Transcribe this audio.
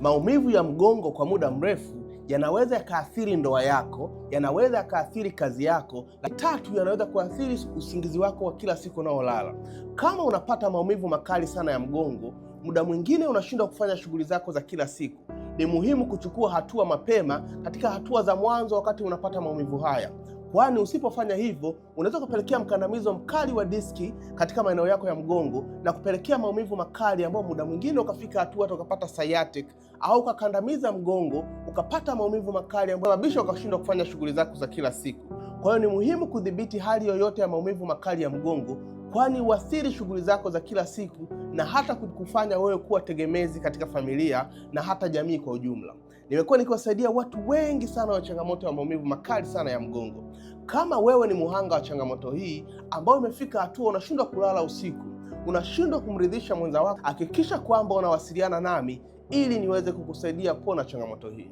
Maumivu ya mgongo kwa muda mrefu yanaweza yakaathiri ndoa yako, yanaweza yakaathiri kazi yako, na tatu, yanaweza kuathiri usingizi wako wa kila siku unaolala. Kama unapata maumivu makali sana ya mgongo, muda mwingine unashindwa kufanya shughuli zako za kila siku, ni muhimu kuchukua hatua mapema katika hatua za mwanzo wakati unapata maumivu haya kwani usipofanya hivyo unaweza kupelekea mkandamizo mkali wa diski katika maeneo yako ya mgongo na kupelekea maumivu makali ambayo muda mwingine ukafika hatua hata ukapata sciatic au ukakandamiza mgongo ukapata maumivu makali ambayo sababisha ukashindwa kufanya shughuli zako za kila siku. Kwa hiyo ni muhimu kudhibiti hali yoyote ya maumivu makali ya mgongo, kwani huathiri shughuli zako za kila siku na hata kukufanya wewe kuwa tegemezi katika familia na hata jamii kwa ujumla. Nimekuwa nikiwasaidia watu wengi sana wa changamoto ya maumivu makali sana ya mgongo. Kama wewe ni muhanga wa changamoto hii ambayo imefika hatua unashindwa kulala usiku, unashindwa kumridhisha mwenza wako, hakikisha kwamba unawasiliana nami ili niweze kukusaidia kuona changamoto hii.